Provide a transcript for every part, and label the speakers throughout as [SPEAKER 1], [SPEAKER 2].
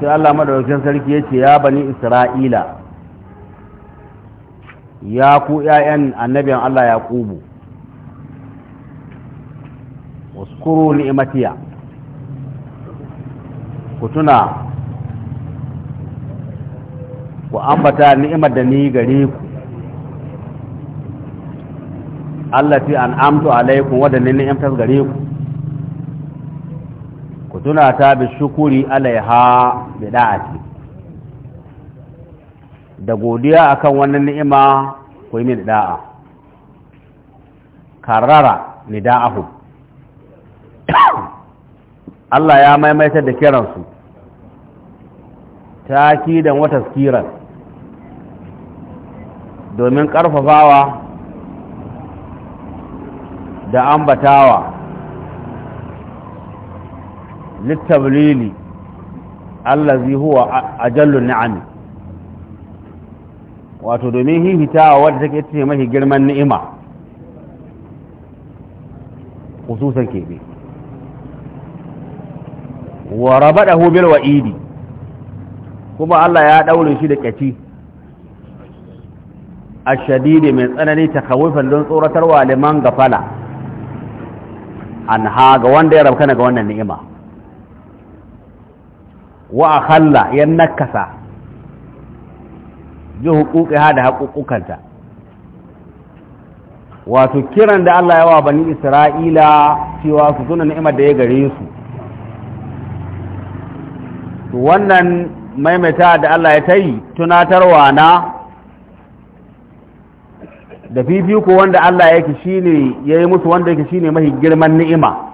[SPEAKER 1] sai Allah madaukakin sarki ya ce ya bani isra'ila ya ku ‘ya'yan annabiyan Allah ya ƙubu wasu ni'imatiya ku tuna ku ambata ni'imar da ni gare ku Allah fi an amtu alaikum wadda ni ni'imtar gare ku suna ta bi shukuri alaiha bi da'ati da godiya akan wannan ni'ima ku yi min da'a karrara da'ahu Allah ya maimaita da kiransu takidan wata kiran. domin ƙarfafawa da ambatawa littablili allazi huwa ajallun ni'ami wato domin hihitawa wadda take ce mahi girman ni'ima hususan kebe wa rabadahu bil wa'idi kuma Allah ya ɗaure shi da kaci ashadidi mai tsanani takawufan don tsoratarwa liman gafala an ha ga wanda ya rabkana ga wannan ni'ima wa akhalla ya nakasa bi ha da haƙuƙukanta wato kiran da Allah ya wa bani Isra'ila cewa su tuna ni'imar da ya gare su wannan maimaita da Allah ya tayi tunatarwa na da fifiko wanda Allah yake shine yayi musu wanda yake shine mahi girman ni'ima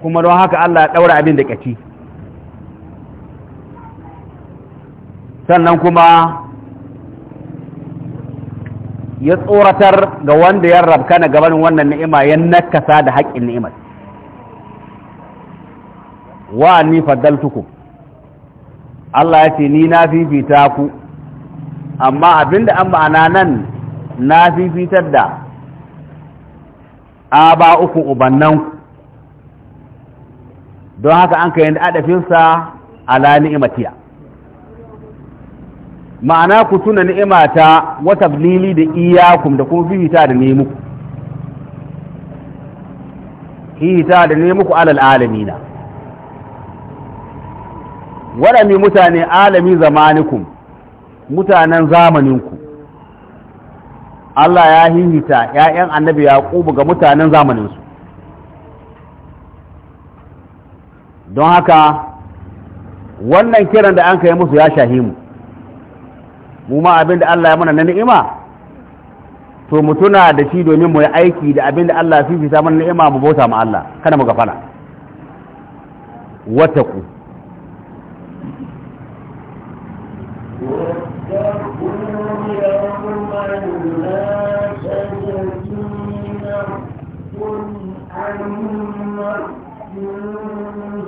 [SPEAKER 1] kuma don haka Allah ya ɗaura abin da ƙaci sannan kuma ya tsoratar ga wanda ya rabka na gaban wannan ni'ima ya nakasa da haƙƙin ni'imar wa ni faddaltukum Allah ya ce ni na fifita ku amma abinda an ma'ana nan na fifitar da A ba uku ubannanku don haka an kayan yanda adafinsa ala ni'imatiya ma'ana ku tuna ni'imata wata lili da iyakum da kuma fihita da ne muku fihita da ne muku alal alamina waɗanne mutane alami zamanikum mutanen zamaninku Allah ya hihita ‘ya'yan annabi ya ga mutanen zamaninsu don haka wannan kiran da an kai musu ya shahi mu mu ma abinda Allah ya mana na ni'ima to mu tuna da shi domin mu yi aiki da abinda Allah fi fita mana ni'ima mu bauta ma Allah kada mu gafala wataku Thank you.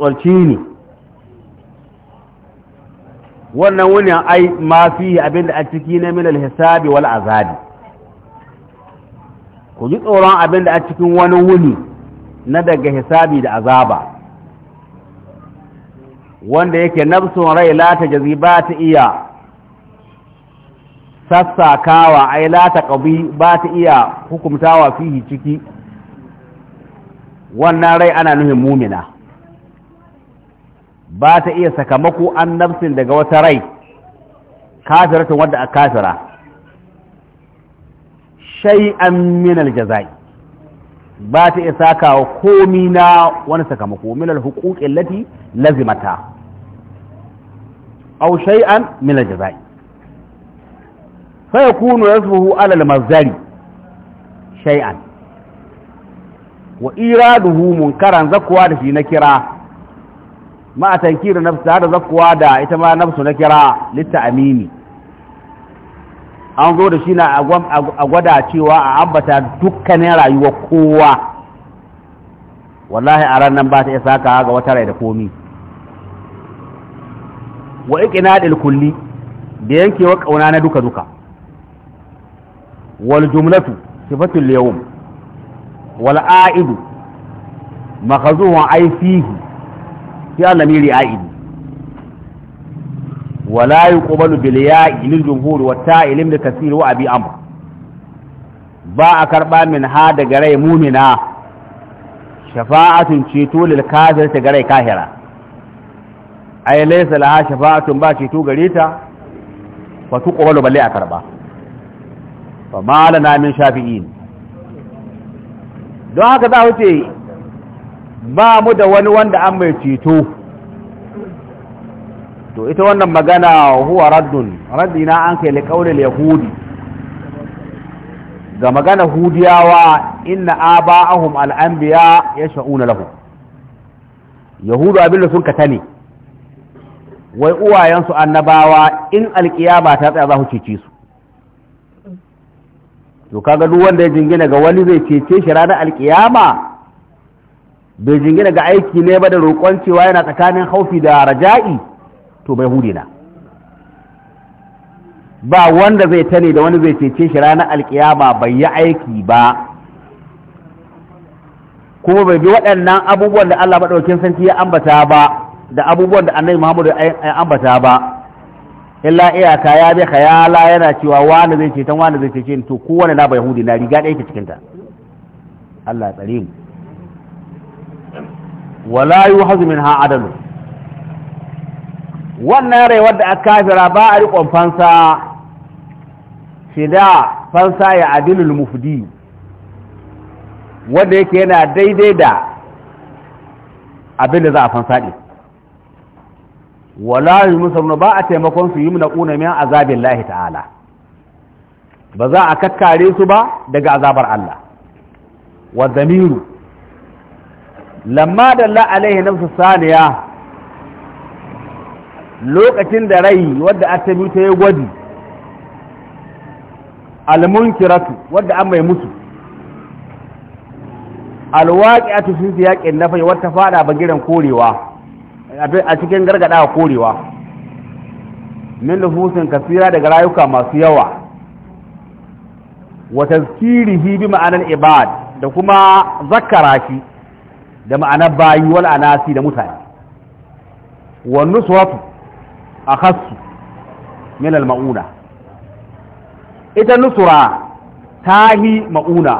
[SPEAKER 1] ku ne wannan wunin ai ma fi abinda a ciki na min hisabi wal azabi ku ji tsoron abinda a cikin wani wuni na daga hisabi da azaba wanda yake nafsun rai la ta jazi ba ta iya sassakawa ai la ta ƙabi ba ta iya hukumtawa fihi ciki wannan rai ana nuhin mumina ba ta iya sakamako an nafsin daga wata rai kafiratun wadda a kafira an min jazai. ba ta iya sakawa komi na wani sakamako min alhuquqin lati lazimata aw shay'an min aljaza'i fa yakunu yasbuhu ala almazdari shay'an wa iraduhu munkaran zakwa da shi na kira ma a tankiru nafsu fita da zakuwa da ita ma nafsu na kira litta amini an zo da shi na a gwada cewa a ambata dukkanin rayuwa kowa wallahi a ranar nan ba ta isa saka ga wata rai da komi wa iqnadil kulli da yankewa kauna na duka duka wal jumlatu sifatul yawm wal a'idu makhazuhu ay fihi في الأمير عائد ولا يقبل بالياء للجمهور والتاء لابن كثير وأبي أمر باء كربا من هذا جري مؤمنا شفاعة شيتو للكافر تجري كاهرة أي ليس لها شفاعة با شيتو جريتا فتقبل بالياء كربا فما لنا من شافعين don haka za wuce ba mu da wani wanda an mai ceto to ita wannan magana huwa raddun raddina an kai liƙaunin yahudi ga magana hudiyawa inna aba'ahum al'ambiya ya sha'una lahu yahudu abinda sun kata ne wai uwayensu annabawa in alƙiyama ta tsaya za su cece su to kaga duk wanda ya jingina ga wani zai cece shi ranar alkiyama bai jingina ga aiki ne ba da roƙon cewa yana tsakanin haufi da raja'i to bai hudina ba wanda zai tane da wani zai cece shi ranar alkiyama bai yi aiki ba kuma bai bi waɗannan abubuwan da Allah maɗaukin sarki ya ambata ba da abubuwan da annabi Muhammadu ya ambata ba illa iyaka ya bi khayala yana cewa wani zai ceton wani zai cece to kowane na bai hudina na riga ɗaya ke cikinta Allah ya tsare mu wala yuhazu minha wannan rai wadda aka kafira ba a riƙon fansa shida fansa ya adilul mufdi wanda yake yana daidai da abin da za a fansa ne wala musamman ba a taimakon su yi na ƙuna min azabin lahi ta'ala ba za a kakkare su ba daga azabar Allah wa zamiru lamma dalla alaihi nafsu saniya lokacin da rai wadda atabi ta yi gwadi almunkiratu wadda an mai musu alwaqi'atu fi na fai wata fada bagiran korewa a cikin gargada a korewa min nufusin kasira daga rayuka masu yawa wa tazkirihi bi ma'anar ibad da kuma zakkara shi da ma'anar bayi wal anasi da mutane wa nuswatu a min al mauna ita nusura tahi mauna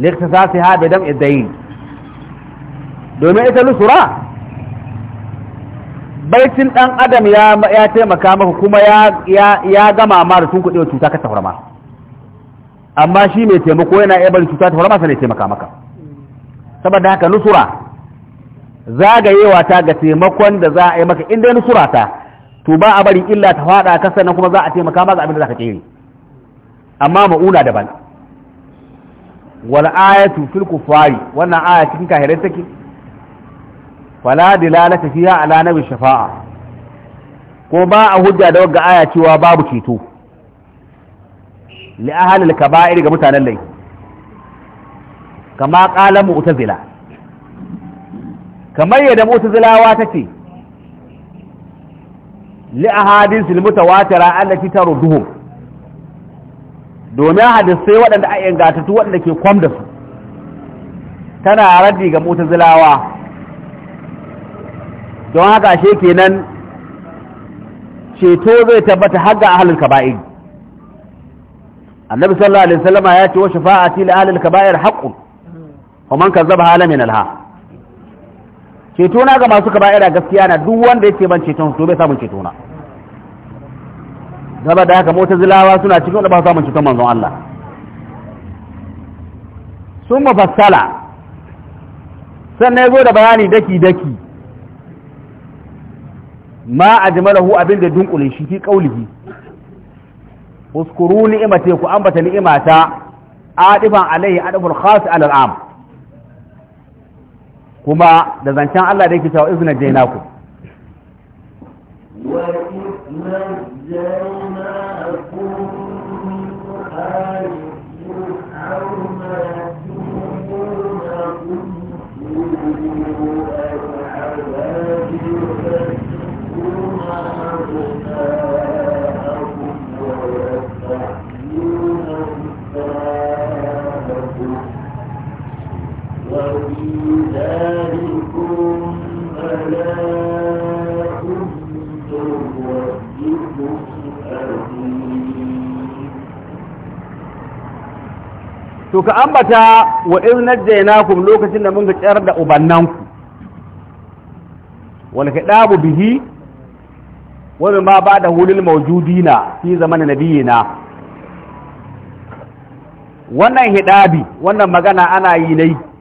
[SPEAKER 1] ha bi dam dayn domin ita nusura baitin dan adam ya ya taimaka maka kuma ya ya gama ma da tunkuɗe cuta ka tafarma amma shi mai taimako yana iya cuta ta tafarma sai taimaka maka saboda haka nusura zagayewa ta ga taimakon da za a yi maka inda nusura ta to ba a bari illa ta fada ka sannan kuma za a taimaka maka abin da zaka tsere amma mauna daban wal ayatu fil kufari wannan aya cikin kahirai take fala dilalata fiha ala nabi shafa'a ko ba a hujja da wagga aya cewa babu ceto li ahli al kaba'ir ga mutanen laifi kama ƙalan mu'tazila kamar yadda mu'tazilawa ta ce li ahadisil mutawatira allati tarduhum domin hadisai waɗanda a ingantattu waɗanda ke kwamda su tana raddi ga mu'tazilawa don haka she kenan ceto zai tabbata har ga ahlul kaba'ir annabi sallallahu alaihi wasallama ya ce wa shafa'ati li ahlil kaba'ir haqqun wa man kazzaba hala min alha cetona ga masu kaba ira gaskiya na duk wanda yake ban ceton to bai samu ceto na gaba da haka mutazilawa suna cikin wanda ba su samu ceton manzon Allah sun mafassala sannan ya zo da bayani daki daki ma ajmalahu abin da dunkule shi fi qaulihi uskuru ni'imate ku ambata ni'imata adifan alaihi adabul khas alal am kuma da zancen Allah da yake cewa izna jainaku
[SPEAKER 2] wa To
[SPEAKER 1] ka ambata wa ku jainakum lokacin da mun ga tsayar da ubannanku, wani ka bihi, wani ma ba da hulil maujudina fi zamanin nabiyina. Wannan hidabi, wannan magana ana yi nai.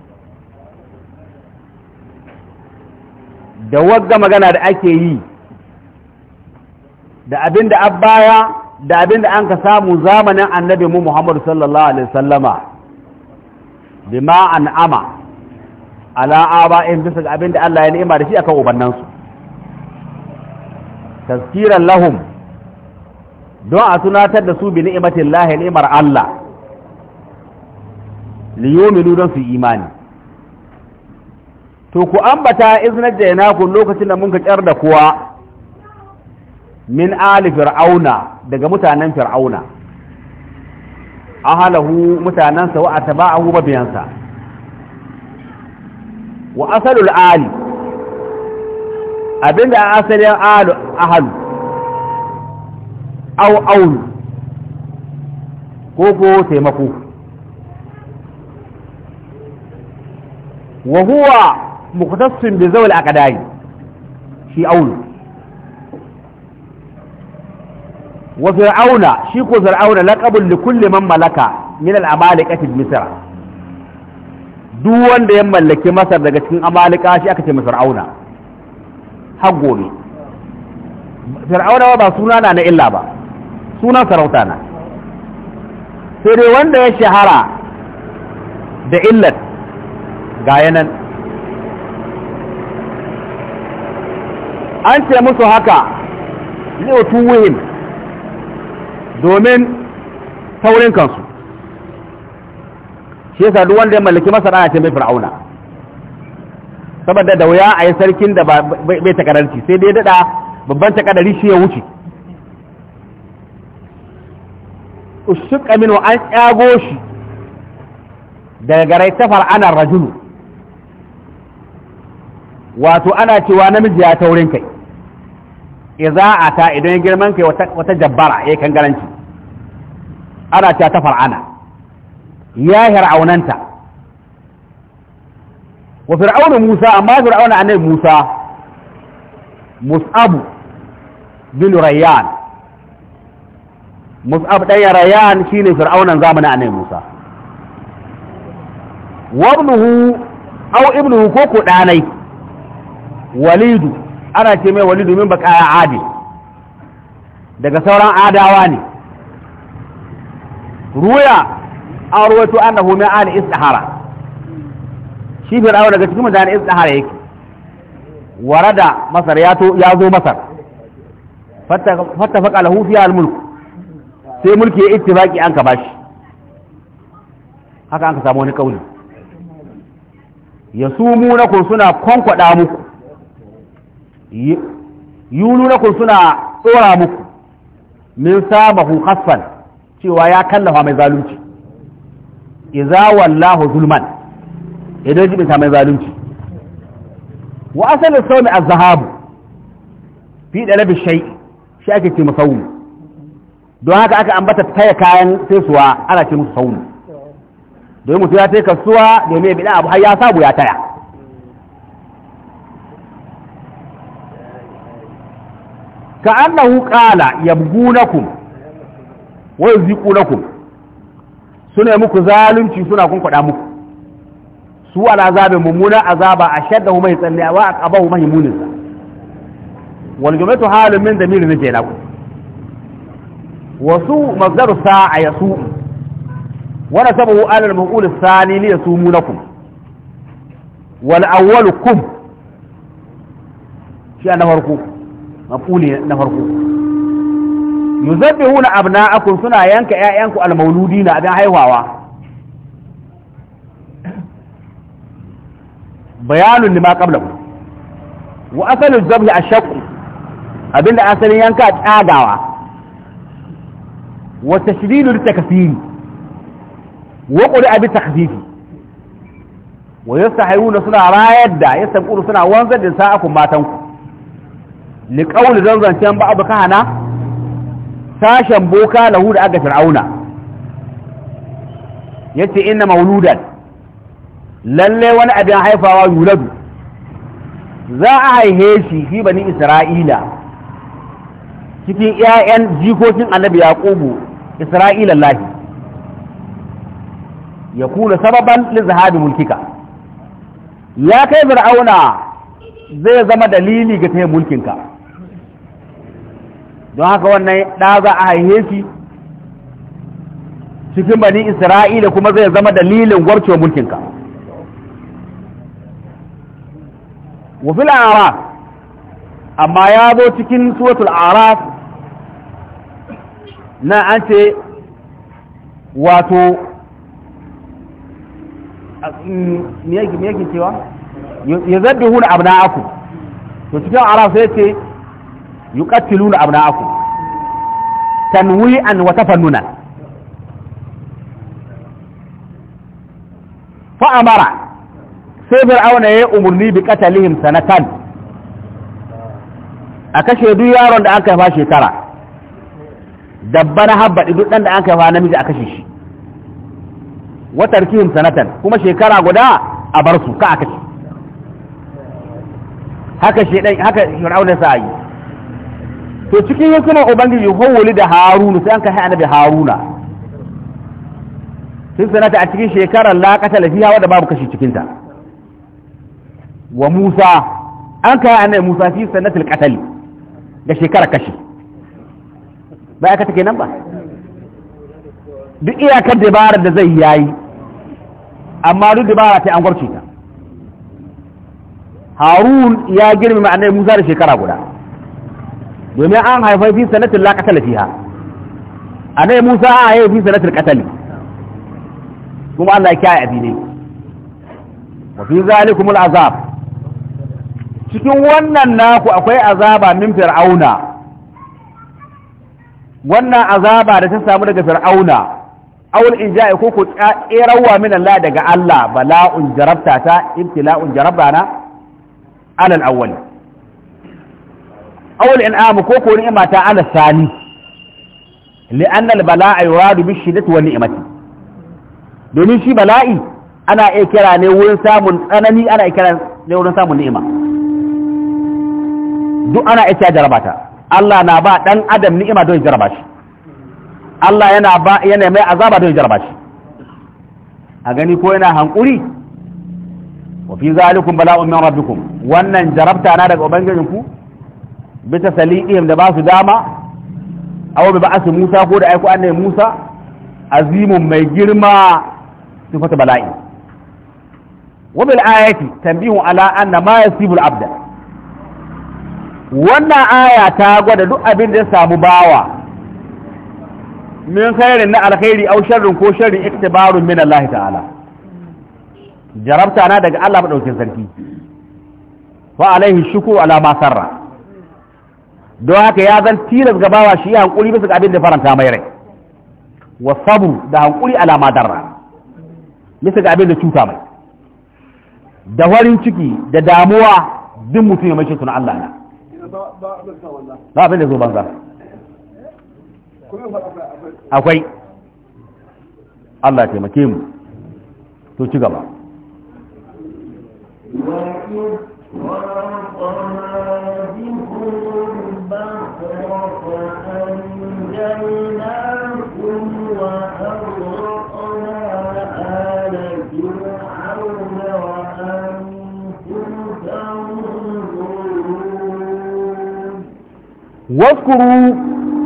[SPEAKER 1] da wagga magana da ake yi da abin da an baya da abin da an ka samu zamanin annabi mu Muhammadu sallallahu alaihi sallama bima an ama ala in bisa abin da Allah ya ni'ima da shi akan ubannansu taskiran lahum don a tunatar da su bi ni'imatin lahi ni'imar Allah liyominu don su imani to ku ambata iznar da yana ku lokacin da mun ka kyar da kuwa min ali fir'auna daga mutanen fir'auna ahalahu mutanansa wa atba'ahu babiyansa wa asalul ali abinda asalin alu ahal au aulu ko ko taimako wa huwa muktassin bi zawal aqdari shi aulu wa fir'auna shi ko fir'auna laqabul li kulli man malaka min al amalikati misra duk wanda ya mallaki masar daga cikin amalika shi aka ce fir'auna har gobe fir'auna ba suna na na illa ba sarauta na sai dai wanda ya shahara da illat ga yanan an ce musu haka li'utuwihim domin taurin kansu shi yasa duk wanda ya mallaki masar ana ce mai fir'auna saboda da wuya a yi sarkin da bai takararci sai dai dada babban takarari shi ya wuce usuk aminu an tsago shi daga garai ta far'anar rajulu wato ana cewa namiji ya taurin kai iza'a ta idan girman kai wata jabbara ya kan garanci ana ta ta far'ana ya hir'aunanta wa fir'aunu Musa amma fir'auna annabi Musa Mus'abu bin Rayyan Mus'ab dan Rayyan shine fir'aunan zamanin annabi Musa wa au aw ibnuhu ko ko danai walidu ana ce mai wali domin bakaya adi daga sauran adawa ne ruya a an da homin ali istihara shi rawar daga cikin mutane istihara yake warada masar ya zo masar fattafaqa lahu fiha al-mulk sai mulki ya baki an ka bashi haka an ka samu wani kauli ya su mu na kun suna kwankwada muku yulu na kun suna tsora muku min samahu khaffan cewa ya kallafa mai zalunci idza wallahu zulman idan jibin mai zalunci wa asal sawmi az-zahabu fi dalab shay shi ake ce musawmi don haka aka ambata taya kayan saisuwa ana ce musu sawmi don mutum ya taya kasuwa domin ya bi abu har ya sabu ya taya ka annahu qala yabgunakum wa yuziqunakum suna muku zalunci suna kun kwada muku su ala azabe mummuna azaba ashaddahu mai tsanni wa aqabahu mai munin sa wal jumatu halun min damir ne kenan ku wasu mazdaru sa'a yasu wa nasabu ala al maqul athani li yasumunakum wal awwalukum shi na farko mafuli na farko yuzabbihuna abna'akum suna yanka ƴaƴanku almauludina abin haihuwa bayanun lima qablahu wa asalu zabhi ashaq abinda asalin yanka tsagawa wa tashdidu litakfiri wa qur'a bi takhfifi wa yastahayuna suna rayar da yasabqulu suna wanzar da sa'akum matanku liƙaul zanzancen ba abu kahana sashen boka lahu da aga fir'auna ya ce ina mauludan lalle wani abin haifawa yuladu za a haihe shi fi bani isra'ila cikin 'ya'yan jikokin annabi yaqubu isra'ila lahi ya kuna sababan lizahabi mulkika ya kai fir'auna zai zama dalili ga ta mulkinka don haka wannan ɗa za a haihe shi cikin bani isra'ila kuma zai zama dalilin warcewa mulkinka wafil araf amma ya zo cikin suratul araf na an ce wato me yake cewa ya zaddu hula abu na aku to cikin araf sai ce yuqattiluna abna'akum tanwi'an wa tafannunan fa amara sai fir'auna ya umurni bi qatalihim sanatan a kashe duk yaron da aka haifa shekara dabba na habbaɗi duk dan da aka haifa namiji a kashe shi wa tarkihim sanatan kuma shekara guda a bar su ka a kashe haka shi haka fir'auna sa yi to cikin hukumar ubangiji hawali da haruna sai an kai da haruna sun sanata a cikin shekarar laƙata lafiya wadda babu kashi cikinta wa musa an kai da musa fi sanata alƙatali da shekarar kashi ba aka take nan ba duk iyakar dabarar da zai yayi amma duk dabara ta an gwarce ta harun ya girmama annabi musa da shekara guda domin an haifar fi sanatin laƙatar da fiha nai Musa a haifar fi sanatin ƙatali kuma Allah ya kiyaye abi ne wa fi kuma azab cikin wannan naku akwai azaba min fir'auna wannan azaba da ta samu daga fir'auna awul in ja'i ko ku tsirawa min Allah daga Allah bala'un jarabta ta ibtila'un jarabana alal awwal awul in'am ko ko ni'ima ta ala sani li'an al-bala'a yuradu bi shiddati wa ni'mati domin shi bala'i ana iya kira ne wurin samun tsanani ana iya kira ne wurin samun ni'ima duk ana iya jarabata Allah na ba dan adam ni'ima don jaraba shi Allah yana ba yana mai azaba don jaraba shi a gani ko yana hankuri wa fi zalikum bala'un min rabbikum wannan jarabta na daga ubangijinku ku bisa salihiyam da ba su dama aw bi ba'asi Musa ko da aiko annabi Musa azimun mai girma sifatu bala'i wa bil ayati tanbihu ala anna ma yasibul abda wannan aya ta gwada duk abin da ya samu bawa min khairin na alkhairi aw sharrin ko sharrin iktibarun min Allah ta'ala jarabta na daga Allah madaukin sarki fa alaihi shukru ala ma sarra don haka ya zan tilas ga bawa shi hankuri bisa ga abin da faranta mai rai wa sabu da hankuri alama madarra bisa ga abin da cuta mai da warin ciki da damuwa duk mutum ya mace suna Allah na ba abin da zo banza akwai Allah taimake mu to ci gaba waskuru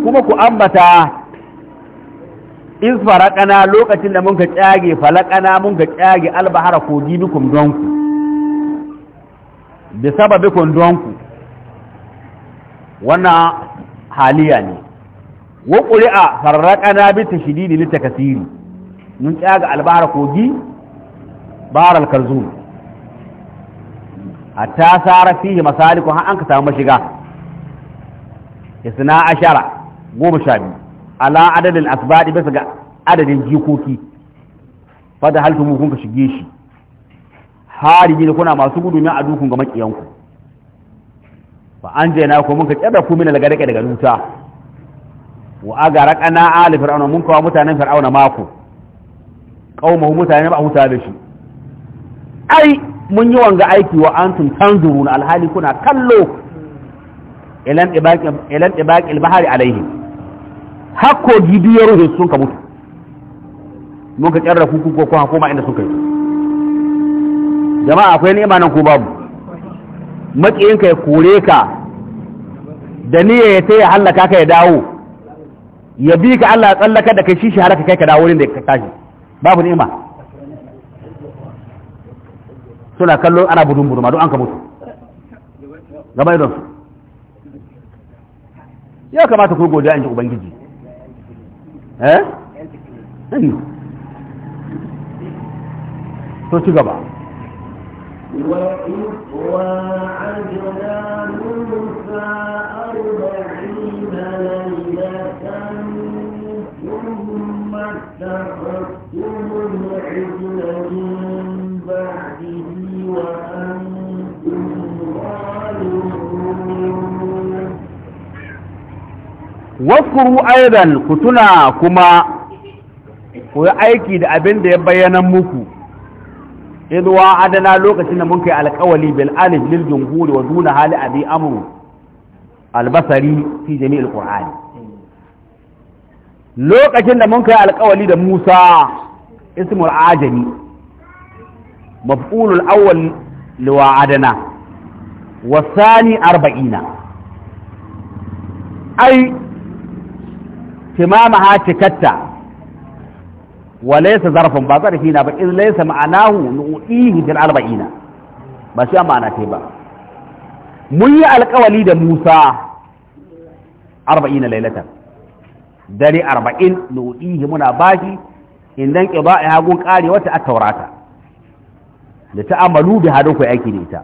[SPEAKER 1] kuma ku ambata in farakana lokacin da mun ka tsage falakana mun ka tsage albahara kogi bikum donku da sababikum donku wannan haliya ne wa ƙuri'a farraƙana bi ta shididi li takasiri mun tsaga albahara kogi bahar A ta sara fihi masaliku har an ka samu mashiga isna ashara goma sha biyu ala adadin asibadi bisa ga adadin jikoki fada mu kun ka shige shi hari ne kuna masu gudu na adukun ga makiyanku fa an je na ko mun ka tsada ku min daga daga daga duta wa aga raqana ali fir'auna mun kawo mutanen fir'auna mako qaumahu mutanen ba huta da shi ai mun yi wanga aiki wa antum tanzuruna alhali kuna kallo ilan ɗibaƙi albahari alaihi hakko gibiyar ruhin sun ka mutu mun ka ƙyarra kuku ko kuma koma inda suka yi jama'a akwai ni'ima nan ko babu ka ya kore ka da niyya ya taya hallaka ka ya dawo ya bi ka Allah ya tsallaka da kai shi shi halaka kai ka dawo wurin da ka tashi babu ni'ima suna kallon ana budun budu ma don an ka mutu gaba idonsu ya kamata ku yi godiya in ji bangiji Eh? To ci gaba.
[SPEAKER 2] ثم استخرجتم العجل من بعده وانتم
[SPEAKER 1] waskuru aidan ku tuna kuma ku yi aiki da abin da ya bayyana muku idwa adana lokacin da mun kai alkawali bil alif lil jumhur wa duna hali abi amru albasari fi jami'il qur'ani lokacin da mun kai alkawali da Musa ismul ajami maf'ulul awwal wa wasani arba'ina ai timama ha cikatta wa laysa zarfun ba zarfi na ba in laysa ma'anahu nu'ihi bil arba'ina ba shi ma'ana ce ba mun yi alkawali da Musa arba'ina lailatan dare arba'in nu'ihi muna bashi indan qiba'i hagun kare wata a taurata da ta amalu bi hadin ku aiki da ita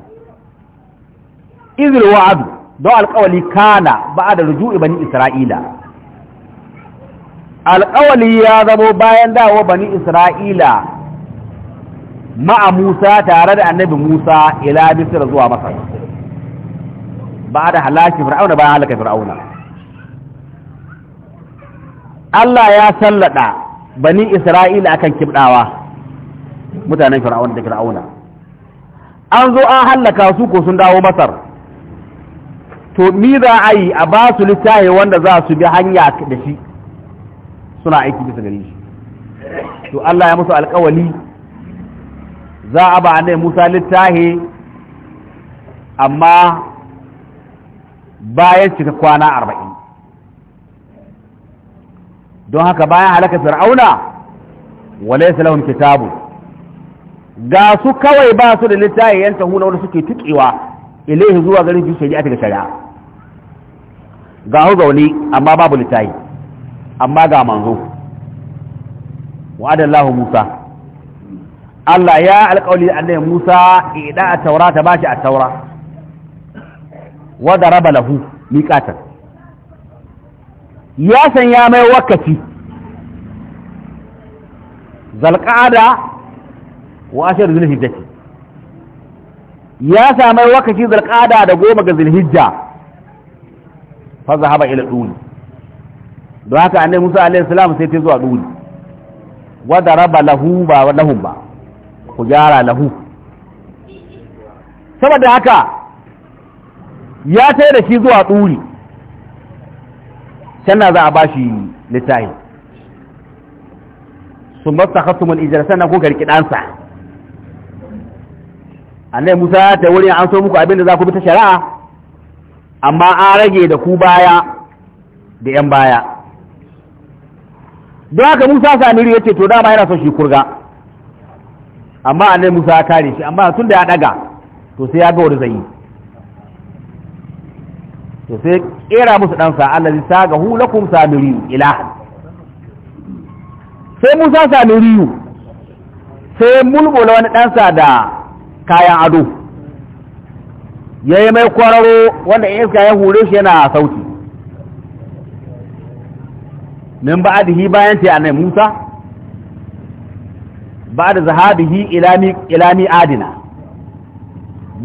[SPEAKER 1] izil wa'adu don alkawali kana ba'da ruju'i bani isra'ila alƙawali ya zamo bayan dawo bani isra'ila ma'a musa tare da annabi musa ila misira zuwa masar ba da halaki fir'auna bayan halaka fir'auna Allah ya sallada bani isra'ila akan kibdawa mutanen fir'auna da fir'auna an zo an halaka su ko sun dawo masar to ni za a yi a ba su littafi wanda za su bi hanya da shi suna aiki bisa gare
[SPEAKER 3] shi to
[SPEAKER 1] Allah ya musu alƙawali za a ba annabi Musa littahi amma bayan cika kwana arba'in don haka bayan halaka fir'auna walaysa lahum kitabu ga su kawai ba su da littahi yan tahuna wanda suke tukewa ilaihi zuwa garin shari'a ta shari'a ga hu zaune amma babu littahi amma ga manzo wa'adallahu Musa Allah ya alƙawli annabi Musa ida a taura ta bashi a taura wa daraba lahu miqatan ya san ya mai wakati zalqada wa ashar zulhijjati ya mai wakati zalqada da goma ga zulhijja fa zahaba ila duni don haka annabi Musa alaihi sai ta zuwa duri wa daraba lahu ba lahu ba ku gyara lahu saboda haka ya tai da shi zuwa duri sannan za a shi littafi sun ba ta khatumul sannan ku karki dansa Musa ya wuri wurin an so muku abin da za ku bi ta shari'a amma an rage da ku baya da 'yan baya don haka musa samiri ya ce to dama yana son shi kurga amma annai musa ya kare shi amma tun da ya daga to sai ya ga wani zai to sai kera musu ɗansa allazi saga hu lakum riyu ilahan sai musa riyu sai mulmula wani ɗansa da kayan ado ya yi mai kwararo wanda iska ya hure shi yana sauti من بعده bayan ta annabi Musa ba'da zahabihi ila adina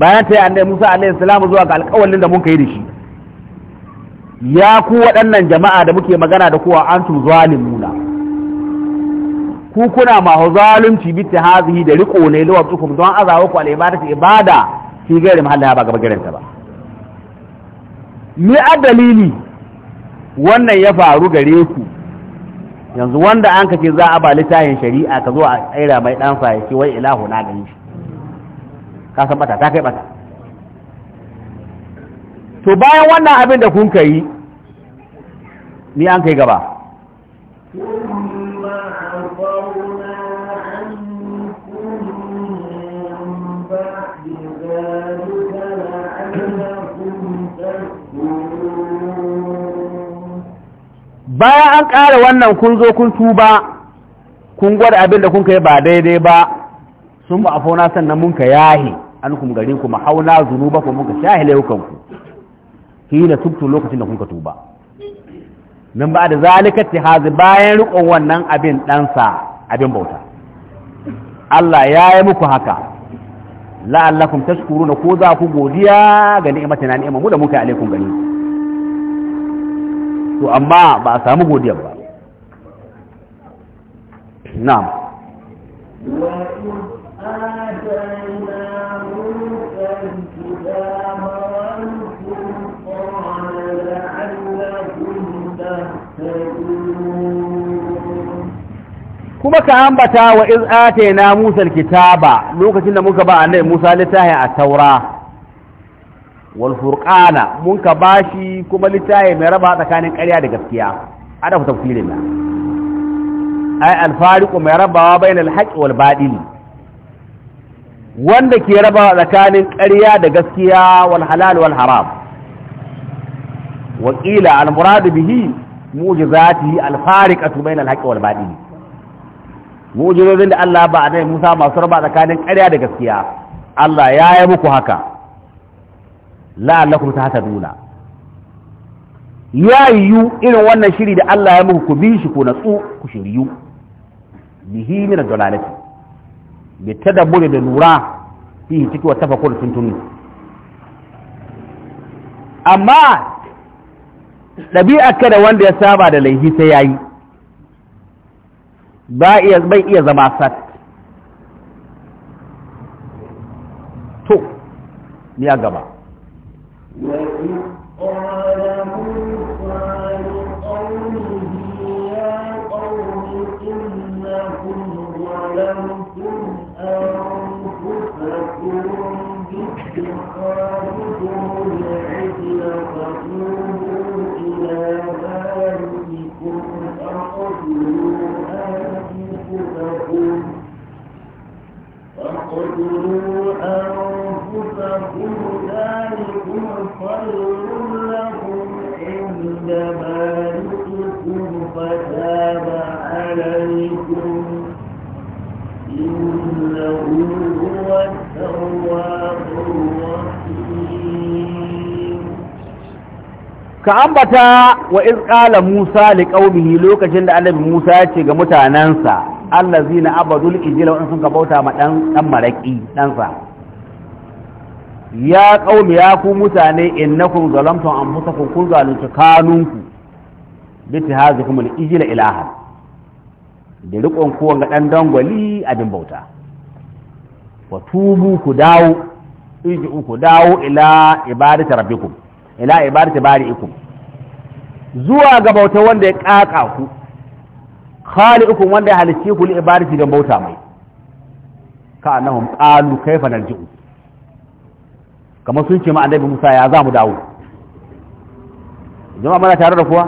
[SPEAKER 1] bayan ta annabi Musa alaihi salam zuwa ga alƙawalin da muka yi da shi ya ku waɗannan jama'a da muke magana da kuwa antum zalimuna ku kuna ma zalunci bi tahazihi da riko ne lawa tukum don azawa ku al-ibadatu ibada fi gairi mahalla ba gaba garin ta ba a dalili wannan ya faru gare ku yanzu wanda an ka ce za a ba littafin shari'a ka zo a tsaira mai dan sa ya ce wai ilahu na gani shi ka san bata ta kai bata to bayan wannan abin da kun kai ni an kai gaba bayan an ƙara wannan kun zo kun tuba kun gwada abin da kun kai ba daidai ba sun ba a fauna sannan mun ka yahi an kum gari ku hauna zunuba ku mun ka shahile shi ne tuktu lokacin da kun ka tuba nan ba da zalika tihazi bayan riƙon wannan abin ɗansa abin bauta Allah ya yi muku haka la'allakum tashkuruna ko za ku godiya ga ni'imatina ni'imar mu da muka alaikum gani to amma ba a samu godiyar ba na'am kuma ka ambata wa iz atayna Musa alkitaba lokacin da muka ba annabi Musa littafin a taura wal mun ka ba shi kuma littafi mai raba tsakanin ƙarya da gaskiya ada tafsirin na ai Alfariku mai rabawa bainal haqqi wal batil wanda ke raba tsakanin ƙarya da gaskiya wal walharam. wal haram wakila al muradu bihi mu'jizatihi al fariqatu bainal haqqi wal batil mu'jizozin da Allah ba a Musa masu raba tsakanin ƙarya da gaskiya Allah ya yi muku haka la'allakum tahtaduna ya yiwu irin wannan shiri da Allah ya muku ku bi shi ku natsu ku shiriyu bihi min dalalati bi tadabburi da lura fi cikin tafakkur tuntuni amma ɗabi'a kada wanda ya saba da laifi sai yayi ba iya bai iya zama sat to ni a gaba وإن ka ambata wa izkala musa li ƙaumihi lokacin da annabi musa ya ce ga mutanansa, allazi na abadul ijila wa'in sun ka bauta ma ɗan maraƙi ɗansa ya ƙaumi ya ku mutane in na zalamtun an fusa kun zalunci kanunku bitihazikum iji na ilaha da riƙon ku wanga ɗan dangwali abin bauta wa tubu ku dawo iji ku dawo ila ibadati rabbikum ila bari bari'ikum zuwa ga bauta wanda ya ƙaƙa ku uku wanda ya halicce ku li ibadati ga bauta mai ka annahum qalu kayfa narji'u kamar sun ce ma Musa ya za mu dawo jama'a mana tare da kuwa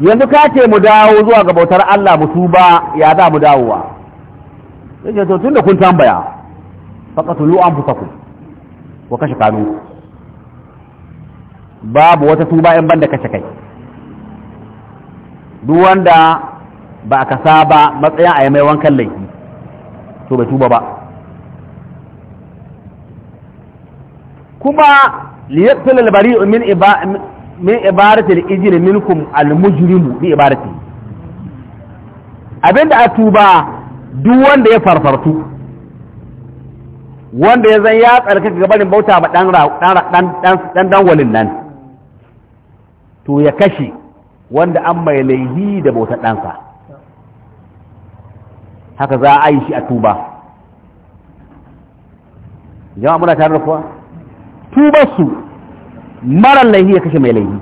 [SPEAKER 1] yanzu ka ce mu dawo zuwa ga bautar Allah mu tuba ya za mu dawowa ce to tunda kun tambaya faqatulu anfusakum wa kashe kanu babu wata tuba in banda kashe kai duk wanda ba a kasa ba matsayin a yi mai wankan laifi to bai tuba ba kuma liyaqtul al-bari'u min min ibarati al-ijr minkum al-mujrimu bi ibarati abinda a tuba duk wanda ya farfartu wanda ya zan ya tsarkaka gabanin bauta ba dan dan dan walin nan to ya kashe wanda an mai laihi da bautar ɗansa haka za a yi shi a tuba jama'a muna tare da kuwa tubarsu marar laifi ya kashe mai laifi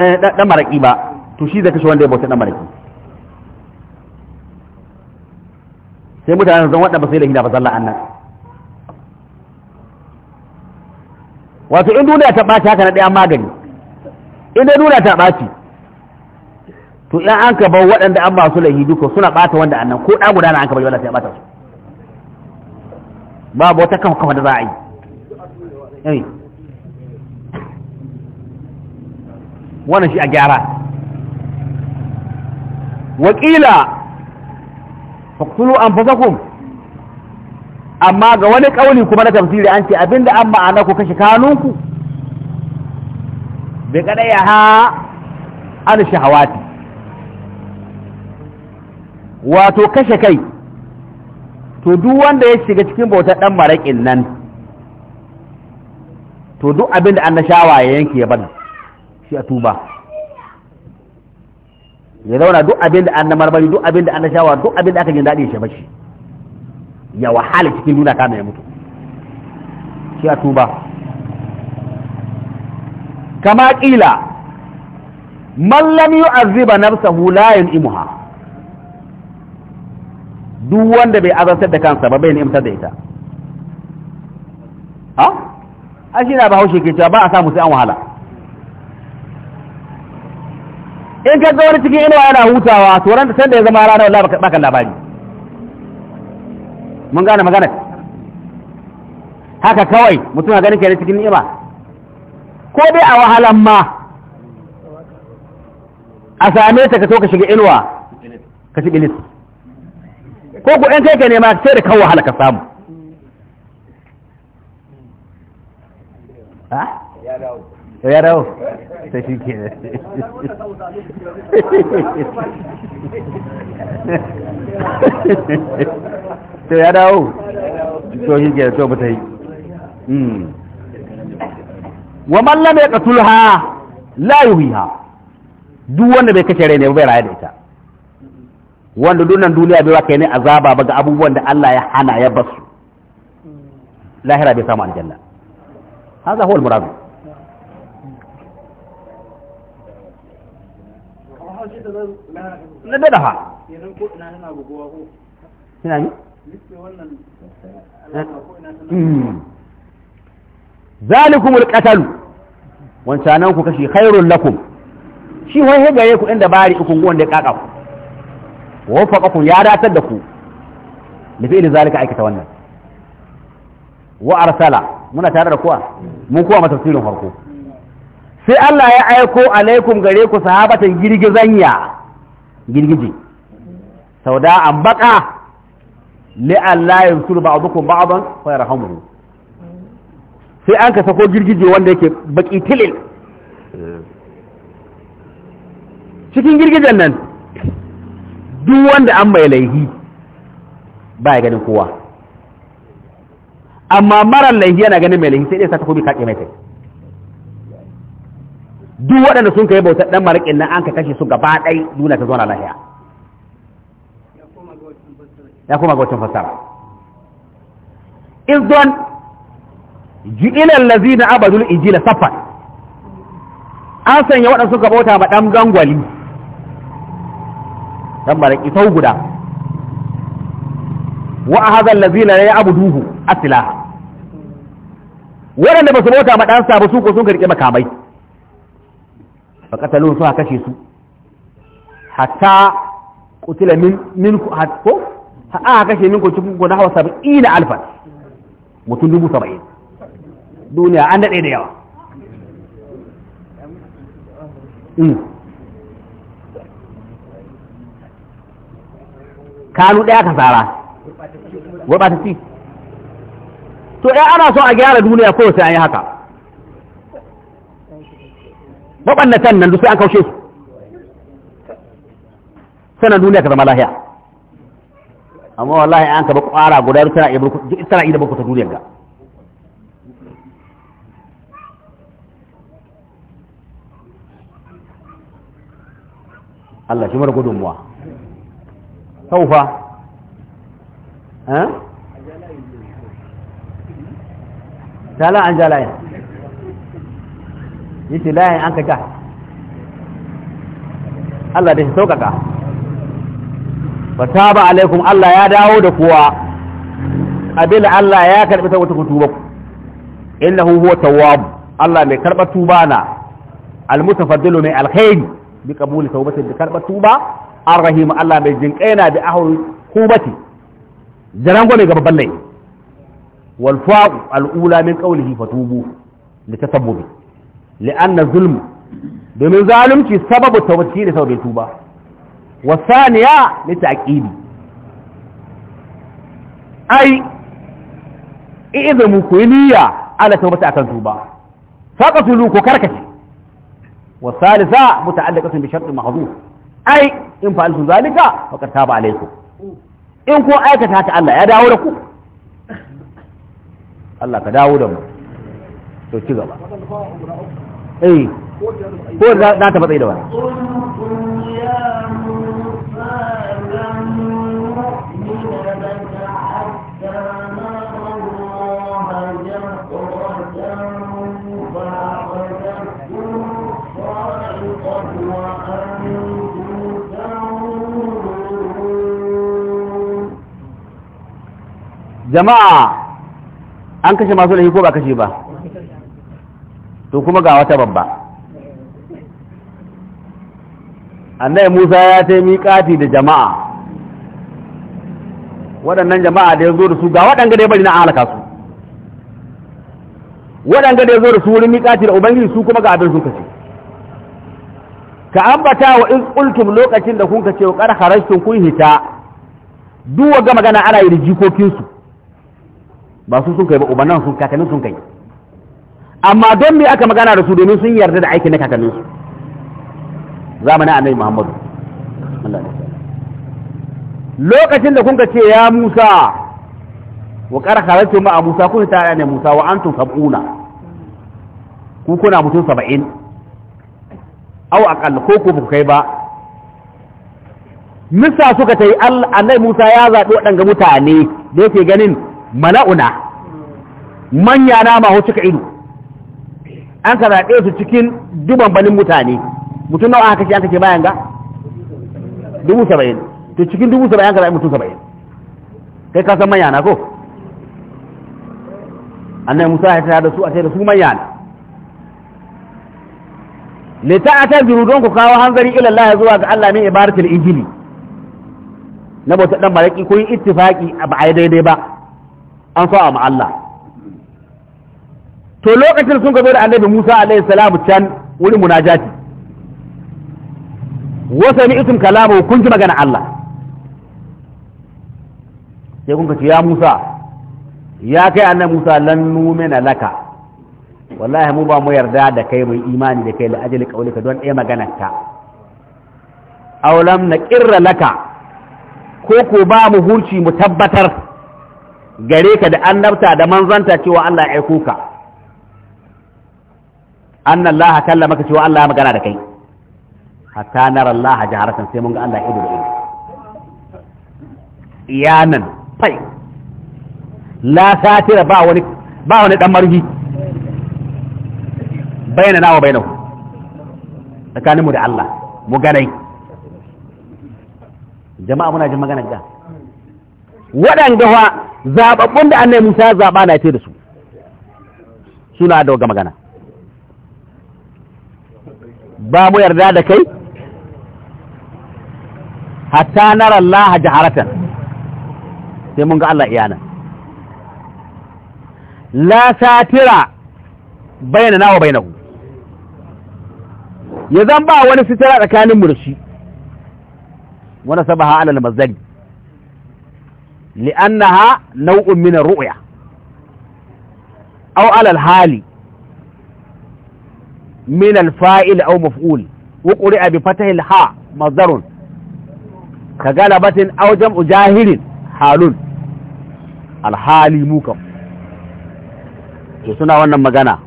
[SPEAKER 1] eh, ɗan maraƙi ba to shi zai kashe wanda ya bauta ɗan maraƙi sai mutane zan waɗanda ba sai laifi da ba zalla annan wato in duniya ta ɓaci haka na ɗaya magani in dai duniya ta ɓaci to in an ka bau waɗanda an masu laifi duka suna ɓata wanda annan ko ɗan guda na an ka bai wanda sai ya ɓata su babu wata kafa kafa da za a yi wannan shi a gyara wakila faktulu an fasakun amma ga wani ƙauni kuma na tafsiri an ce abinda an ma'ana ku kashe kanunku bai kada ya ha an shahawati wato kashe kai to duk wanda ya shiga cikin bautar dan maraƙin nan to duk abin da annashawa ya yanke ya bada shi a tuba ya zauna duk abin da annan marmari duk abin da annashawa duk abin da aka jin daɗi ya shafa shi ya wahala cikin duna kama ya mutu shi a tuba kama ƙila man lam yu'azziba nafsahu la yun'imuha duk wanda bai azantar da kansa ba bai nemtar da ita a an shi na ba haushe ke cewa ba a samu sai an wahala in ka ga wani cikin inuwa yana hutawa to ran da ya zama rana wallahi baka labari mun gane magana haka kawai mutum ganin ke cikin ni'ima ko dai a wahalan ma a same ta ka so ka shiga inuwa ka ci bilis ko ku ɗan kai ka nema sai da kawo halaka ka samu ya dawo ta shi ke
[SPEAKER 3] to ya dawo to shi ke to ta yi
[SPEAKER 1] hmm. wa mallam ya katulha la yuhiha duk wanda bai kace rai ne bai raye da ita wanda dunan duniya bai waka ne azaba ba ga abubuwan da Allah ya hana ya basu lahira bai samu aljanna huwa na dada ha ina ni zalikum al wancanan ku kashi khairul lakum shi wai he gare ku inda bari ku gungun da kaka ku wa wafaqakum ya datar da ku li fi'li zalika aikata wannan wa arsala muna tare da kuwa mun kuwa matafsirin farko sai Allah ya aiko alaikum gare ku sahabatan girgizanya girgije sauda an baka li Allah yansur ba'dukum ba'dan fa yarhamuhu sai an ka sako girgije wanda yake baki tilil cikin girgijen nan duk wanda an mai laihi ba ya ganin kowa amma marar laihi yana ganin mai laihi sai dai sa takobi kaɗe mai kai duk waɗanda sun kai bautar ɗan maraƙin nan an ka kashe su gaba ɗai duniya ta zauna lahiya ya koma ga wacin fassara izdon ji'ilan lazina abadul ijila safar an sanya waɗanda suka bauta ma ɗan gangwali dan maraki sau guda wa ahadha allazina la ya'buduhu waɗanda ba su bauta ma ɗansa ba su ko sun karɓi makamai fa qatalun su kashe su hatta qutila min min ha aka kashe min ko cikin gona hawa 70 alfa mutum dubu 70 duniya an daɗe da yawa hmm. kanu ɗaya ka tsara gurɓatacci to ɗaya ana so a gyara duniya ko sai an yi haka waɓannatan nan duk sai an kaushe su sanan duniya ka zama lahiya amma wallahi an ka ba ƙwara guda tana iya duk tana iya bakwata duniyar ga Allah shi mara gudunmuwa saufa eh?
[SPEAKER 3] tala an ja layin
[SPEAKER 1] yace layin an kaka Allah da shi saukaka ba alaikum Allah ya dawo da kuwa abila Allah ya karbi ta wata inda huhu huwa tawwab Allah mai karba tuba na almutafaddilu mai alkhair bi qabuli tawbatin bi karba tuba arrahim Allah mai jinkaina da ahul kubati jaran gome ga babban laifi wal al'ula min qawlihi fatubu li tasabbubi li anna zulm domin zalunci sababu tawbati da sababu tuba wa thaniya li taqibi ai idan ku niyya ala tawbati akan tuba karkace bi ai in fa'altu zalika ta ba alaikum in ko aikata ta Allah ya dawo da ku Allah ka dawo da mu to ci gaba eh ko za ta matsayi da wani jama'a an kashe masu laifi ko ba kashe ba to kuma ga wata babba annai musa ya ta miƙati da jama'a waɗannan jama'a da ya zo da su ga waɗanda da ya bari na alaka su Waɗanda da ya zo da su wurin miƙati da ubangiji su kuma ga abin sun kace ka ambata wa in qultum lokacin da kun kace wa qad kun hita duk ga magana ana yi da jikokin su ba su sun kai ba ubannan sun kakannin sun kai amma don me aka magana da su domin sun yarda da aikin na kakannin su zamanin annabi Muhammadu lokacin da kun ka ce ya Musa wa halarci kharajtu a Musa kun ta ne Musa wa antum sab'una ku kuna mutum 70 au aqall ko ku ku kai ba Misa suka ta yi annabi Musa ya zaɓi waɗanga mutane da yake ganin mala'una manya na maho cika ido an ka zaɓe su cikin duban balin mutane mutum nawa aka kashe an kashe bayan ga dubu saba'in to cikin dubu saba'in an ka zaɓe mutum saba'in kai ka san manya na ko annai musa ya tara da su a sai da su manya na le ta atar don ku kawo hanzari ila Allah zuwa ga Allah min ibaratul injili na bautar dan baraki ko yin ittifaqi ba a daidai ba an sa'a ma Allah to lokacin sun gaba da annabi Musa alaihi salamu can wurin munajati wasa ni itum kalamu kun ji magana Allah sai kun ce ya Musa ya kai annabi Musa lan numena laka wallahi mu ba mu yarda da kai mai imani da kai la ajali kaulika don ɗaya maganarka aw lam naqirra laka ko ko ba mu hurci mu tabbatar gare ka da annabta da manzanta cewa Allah ya aiko ka anna Allah kallamaka cewa Allah ya magana da kai hatta nara Allah jaharatan sai mun ga Allah ido da ido iyanan fai la satira ba wani ba wani dan bayana nawa wa tsakanin tsakaninmu da Allah mu ganai jama'a muna jin maganar da waɗanda fa zababbun da annai musa ya zaɓa na ce da su suna da waga magana ba mu yarda da kai hatta nara Allah jaharatan sai mun ga Allah iyana la satira bayyana wa bainahu ya zan ba wani sitira tsakanin murshi wani sabaha alal mazali li'annaha nau'un min ar-ru'ya au 'ala al fail aw maf'ul wa quri'a bi fatah al-ha mazdarun ka galabatin aw jam'u jahirin halun al-hali mukam to suna wannan magana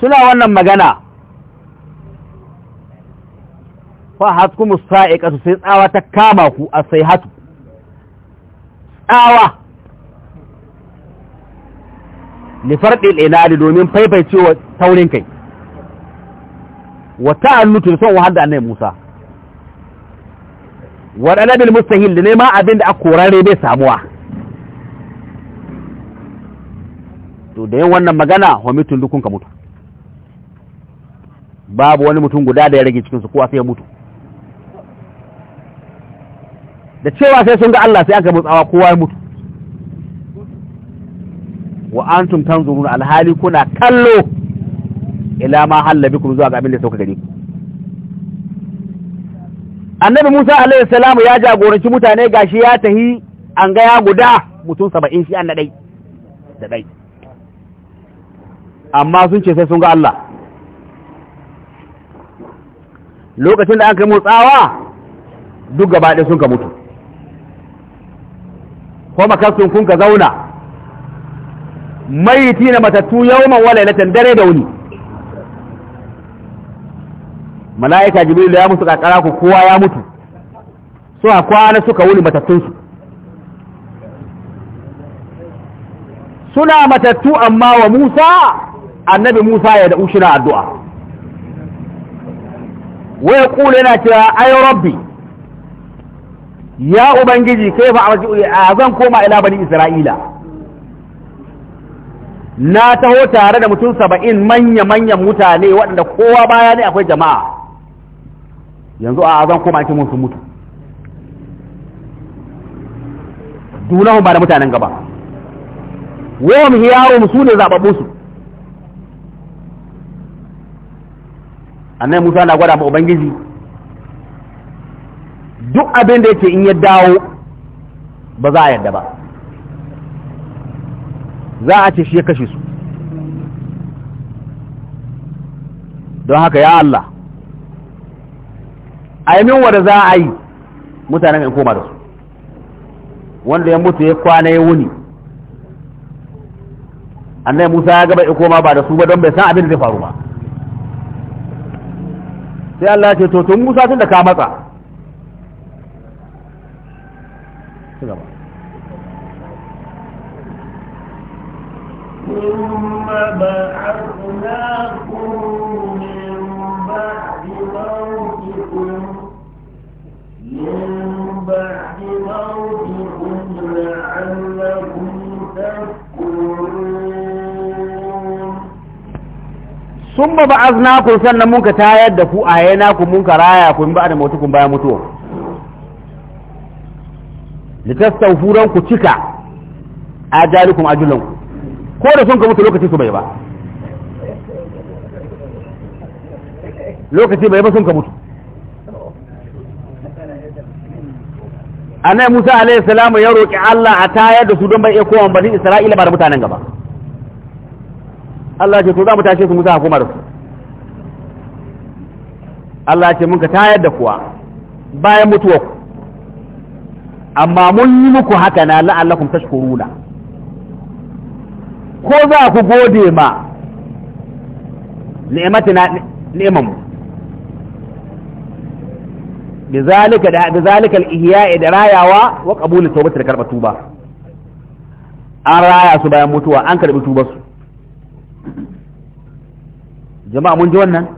[SPEAKER 1] suna wannan magana fa haskumu kasu sai tsawa ta kama ku a sai hatu tsawa na inali domin faifaicewa taurin kai wata annutu son wahal annai musa waɗannan mustahil da nema abin da aka korare bai samuwa to da yin wannan magana homitun dukun ka mutu babu wani mutum guda da ya rage cikinsu kowa sai ya mutu da cewa sai sun ga Allah sai aka mutsawa kowa ya mutu wa antum tanzurun alhali kuna kallo ila ma halla bikum zuwa ga abin da sauka gare ku annabi Musa alaihi salamu ya jagoranci mutane gashi ya tahi an ga ya guda mutum 70 shi an da dai da dai amma sun ce sai sun ga Allah lokacin da aka yi motsawa duk gaba ɗaya sun ka mutu ko makasun kun ka zauna maiti na matattu yau yawman walailatan dare da wuni mala'ika jibril ya musu kakara ku kowa ya mutu a kwana suka wuni matattunsu suna matattu amma wa musa annabi musa ya da ushina addu'a waya kula yana cewa ai rabbi ya ubangiji kai fa a zan koma ila bani isra'ila na taho tare da mutum saba'in manya-manyan mutane waɗanda kowa baya ne akwai jama'a yanzu a zan koma cikin sun mutu dunahun ba da mutanen gaba wahum hiyarun su ne zababbu su annai Musa na gwada ma ubangiji duk abin da yake in ya dawo ba za a yadda ba za a ce shi ya kashe su don haka ya Allah a yi min wadda za a yi mutanen in koma da su wanda ya mutu ya kwana ya wuni annai musa ya gaba ya koma ba da su ba don bai san abin da zai faru ba sai Allah ce to tun Musa tun da ka matsa
[SPEAKER 2] ثم بعثناكم
[SPEAKER 1] ba ba'azna ku sannan mun ka tayar da ku ayena ku mun ka raya ku ba da mutu kun baya mutuwa litastawfuran ku cika ajalikum ajulan ko da sun ka mutu lokaci su bai ba lokaci bai ba sun ka mutu annabi Musa alayhi salam ya roki Allah a tayar da su don bai iya bani Isra'ila ba da mutanen gaba Allah ce to za mu tashe su Musa a koma da su Allah ce muka tayar da kuwa bayan mutuwa ku amma mun yi muku haka na la'allakum tashkuruna ko za ku gode ma ni'matina ni'mamu bizalika da bizalika al ihya da rayawa wa qabulu tawbati da karba tuba an raya su bayan mutuwa an karbi tubar su jama'a mun ji wannan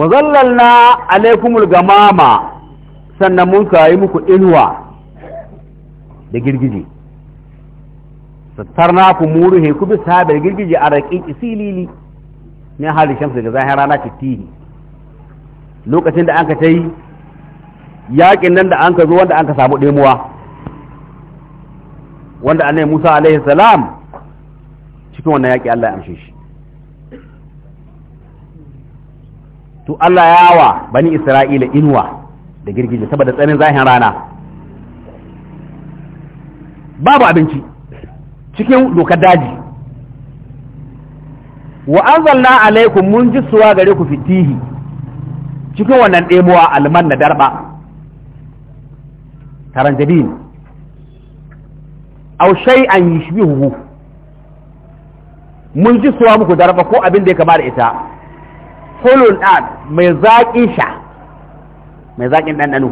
[SPEAKER 1] wa zallalna alaikumul gamama sannan mun kayi muku inuwa da girgije sattarna ku muruhe ku bi sabar girgije a raƙiƙi isilili ne hali shamsu daga zahira na titini lokacin da an ka ta yi yaƙin nan da an ka zo wanda an ka samu ɗemuwa wanda annabi musa alaihi salam cikin wannan yaƙi allah ya amshe shi to Allah ya wa bani Isra'ila inuwa da girgije saboda tsanin zahin rana babu abinci cikin dokar daji wa anzalna alaikum mun ji suwa gare ku fitihi cikin wannan ɗemuwa alman na darba taranjadin aw shay'an yushbihuhu mun ji suwa muku darba ko abin da ya kama da ita hulun ɗan mai zaƙin sha mai zaƙin ɗanɗano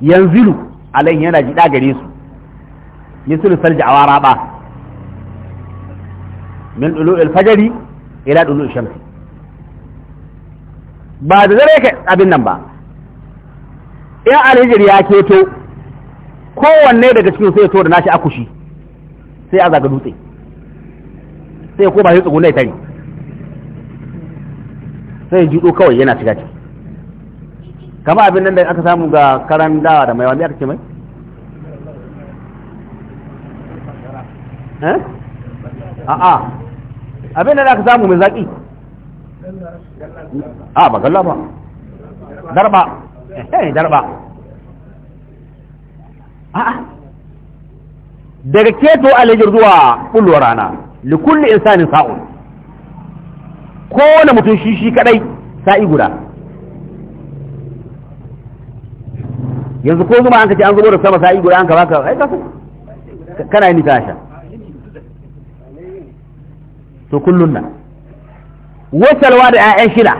[SPEAKER 1] yanzu alayhi yana jiɗa gare su sulu salji a wara ba min ɗulu ilfajari ila ɗulu shamsi ba da zare ka abin nan ba in alhijir ya keto kowanne daga cikin sai to da nashi akushi sai a zaga dutse sai ko ba sai tsugunai tare sai judo kawai yana shiga ciki kama abin nan da aka samu ga karan dawa da mai wani aka ce mai eh? a'a abin nan da aka samu mai zaƙi
[SPEAKER 3] a ba galla ba
[SPEAKER 1] darba eh darba a'a daga keto alajir zuwa kullu rana likulli insanin sa'un kowane mutum shi shi kadai sa'i guda yanzu ko zuma an ka ce an zubo da sama sa'i guda an ka baka ai kasu kana yin tasha to kullun nan wasalwa da ƴaƴan shida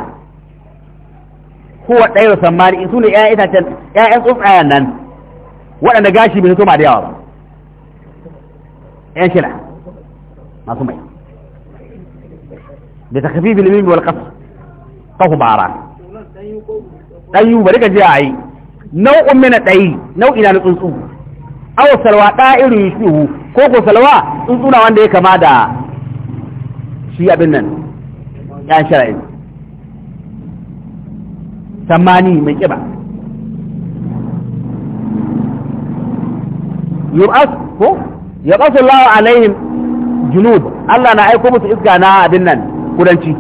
[SPEAKER 1] kowa ɗaya da sammani su ne 'ya'yan itacen ƴaƴan tsuntsayen nan waɗanda gashi bai fito ma da yawa ba ƴan shida masu mai da takfif al-mim wal qasr qahu bara dayu bari ka je ayi nau'un min dayi nau'i na tsuntsu aw salwa da'iru yushu ko ko salwa tsuntsu na wanda ya kama da shi abin nan ya shara'i samani mai kiba yub'as ko yab'asu Allahu alaihim junub Allah na aiko musu iska na abin nan kudanci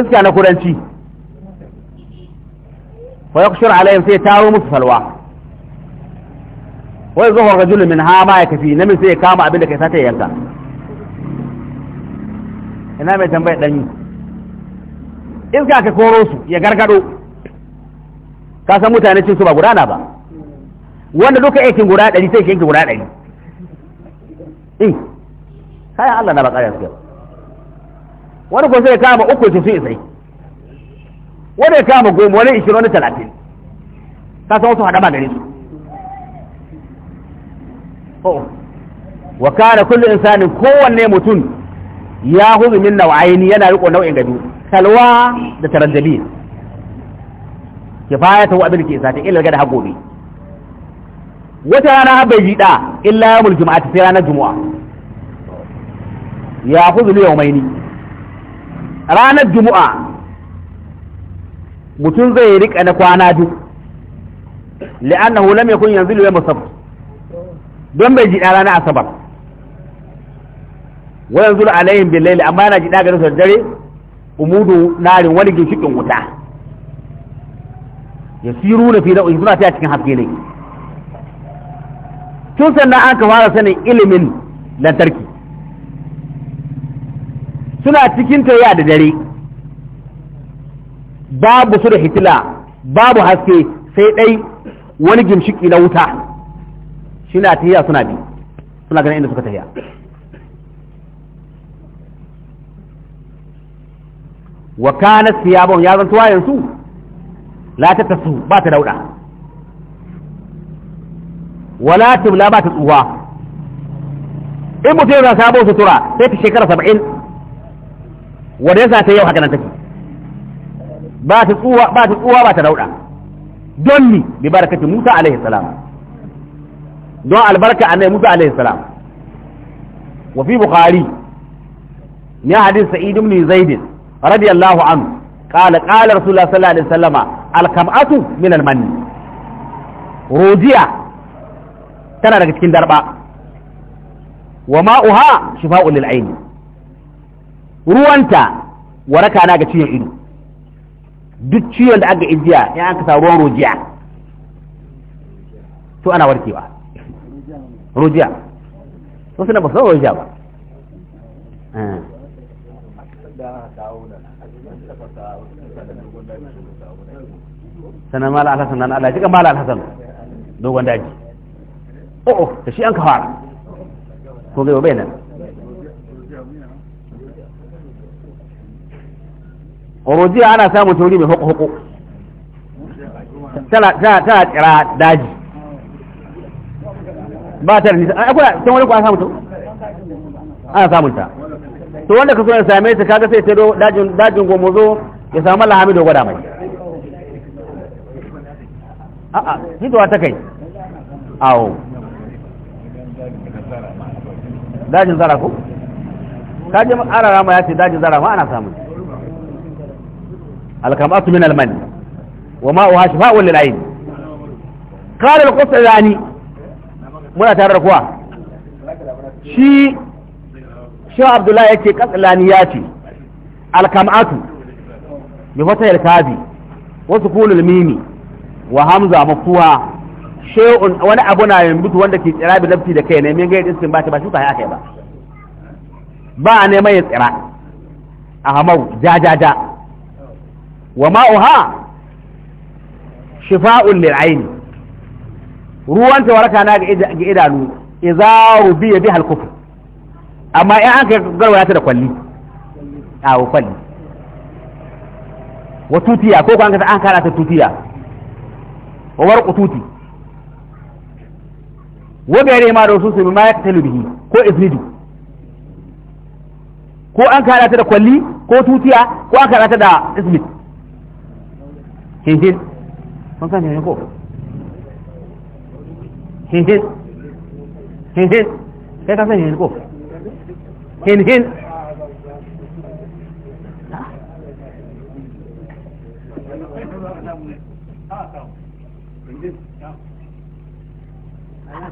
[SPEAKER 1] iska na kudanci fa yakshur alaihim sai taro musu salwa wai zuwa rajul min ha ma na namin sai ya kama abin da kai sata yanka ina mai tambayar danyi iska ka koro su ya gargado ka san mutane cin su ba gudana ba wanda duka aikin guda ɗari sai shi guda ɗari eh. Kaya Allah na bakar yanzu wani kuma sai kama uku su sai sai wani kama goma wani ishirin wani talatin, ta san wasu hada ba gare su oh. wa kana kullu insani kowanne mutum ya huzu min nau'aini yana riko nau'in gabi kalwa da tarandabi kifayatu abin ke sata illa ilal gada hagobi wata rana bai jida illa yawmul ta sai ranar jumu'a ya kuzu mai ni ranar juma'a mutum zai rika na kwana duk hula mai kun yanzu yawm sabt don bai jiɗa ranar asabar wa yanzuru alaihim bin laili amma yana jiɗa garin sa dare umudu narin wani ginshiƙin wuta ya siru na fi da suna ta cikin haske ne tun sannan an ka fara sanin ilimin lantarki suna cikin tayya da dare babu su da hitila babu haske sai dai wani gimshiki na wuta shi na tayya suna bi suna ganin inda suka tayya wa kana siyabon ya zanto su la ta tasu ba ta dauda wala tubla ba ta tsuwa in mutum yana sabon sutura sai ta shekara saba'in wanda yasa ta yau haka nan take ba ta tsuwa ba ta tsuwa ba ta dauda don ni bi barakati Musa alaihi salam don albarka annabi Musa alaihi salam wa fi bukhari ni hadith sa'id ibn zaid radiyallahu anhu qala qala rasulullah sallallahu alaihi wasallam al min al-manni rodiya tana daga cikin darba wa ma'uha shifa'ul lil aini ruwanta waraka na ga ciyon ido duk ciyon da aka ijiya ya aka sa ruwan rojiya to ana warkewa rojiya to suna ba su rojiya ba eh. sanan mala alhassan nan ala jika mala alhassan dogon daji o'o oh, oh, da shi an ka fara ko gaba bai rujiya ana samun tauri mai hukuku tana tsira daji ba ta da nisa akwai tun wani kuwa samun ta ana samun ta to wanda ka so ya same ta kaga sai ta dajin dajin zo ya samu lahami da gwada mai a'a hitowa ta kai awo
[SPEAKER 3] dajin zara ko kaji arara ma ya ce dajin zara ma ana samun a
[SPEAKER 1] من المن وماءها شفاء للعين قال القسطلاني muna tare da kuwa shi shi abdullahi yake katsalani ya ce alkam'atu bi wata yalkabi wasu kulul mimi wa hamza mafuwa shay'un wani abu na yambutu wanda ke tsira bi nafsi da kai ne min gaida iskin ba ta ba shi kai ba ba a neman ya tsira a hamau ja ja ja wa ma'uha shifa'un lil aini ruwan ta waraka na ga idanu idza rubiya bihal kufr amma in an kai garwaya ta da kwalli a kwalli wa tutiya ko kan an kara ta tutiya wa warqu tuti wa gare ma da su su ma ya bihi ko ifridu ko an kara ta da kwalli ko tutiya ko an kara ta da ismit Hin-hin hinhin kun san hinhin ko hinhin hinhin kai ka san hinhin ko hinhin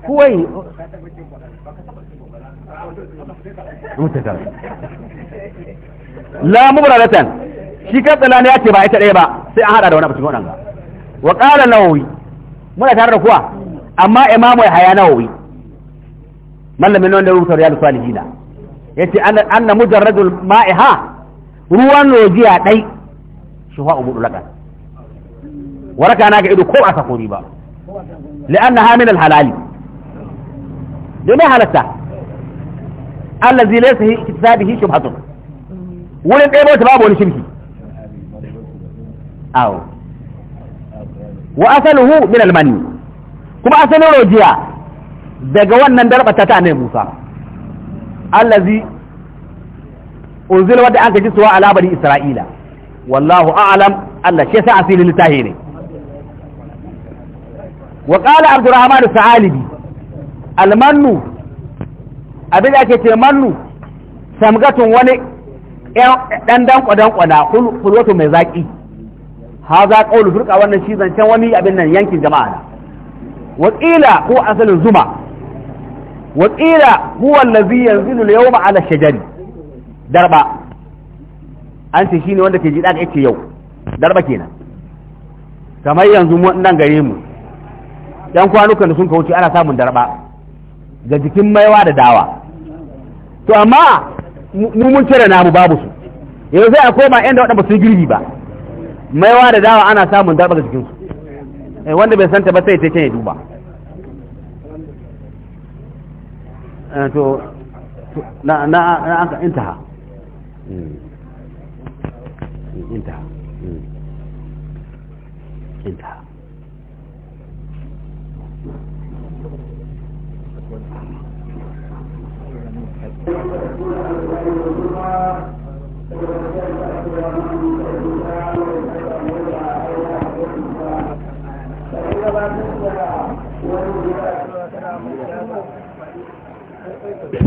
[SPEAKER 1] kuwai mutaka
[SPEAKER 3] la mubaratan
[SPEAKER 1] shi katsalani ya ce ba ita ɗaya ba sai an haɗa da wani abu cikin waɗanga wa ƙara nawawi muna tare da kuwa amma imamu ya haya nawawi mallamin nan da rubuta riyadu salihina ya ce an na mujarradul ma'iha ruwan rojiya ɗai shi wa ubu ɗulaƙa waraka na ga ido ko a safori ba li'anna hamin alhalali domin halatta allazi laysa hi kitabihi shubhatun wurin ɗaya bauta babu wani shirki awo wa asaluhu min almani kuma asalin rojiya daga wannan darbata ta ne Musa allazi unzila wadda an gaji suwa ala bani Isra'ila wallahu a'lam Allah shi sa asilin litahi ne wa qala Abdurrahman Sa'alibi almannu abin da ake ce mannu samgatun wani ɗan danko-danko na kulwatu mai zaƙi Ha za ka wani firqa wannan shi zancen wani abin nan yankin jama'a na wakila ko asalin zuma wakila ko allazi yanzilu al yau ala shajari darba an ce shine wanda ke ji ɗaga yake yau darba kenan kamar yanzu mu nan gare mu yan kwanukan da sun ka wuce ana samun darba ga jikin maiwa da dawa to amma mu mun cire namu babu su yanzu sai a koma inda waɗanda ba su girbi ba maiwa da dawa ana samun darbar jikinsu eh, wanda bai santa ba sai ta ya duba eh, to na na an ka intaha hmm. intaha hmm. intaha
[SPEAKER 3] Thank you. ગયા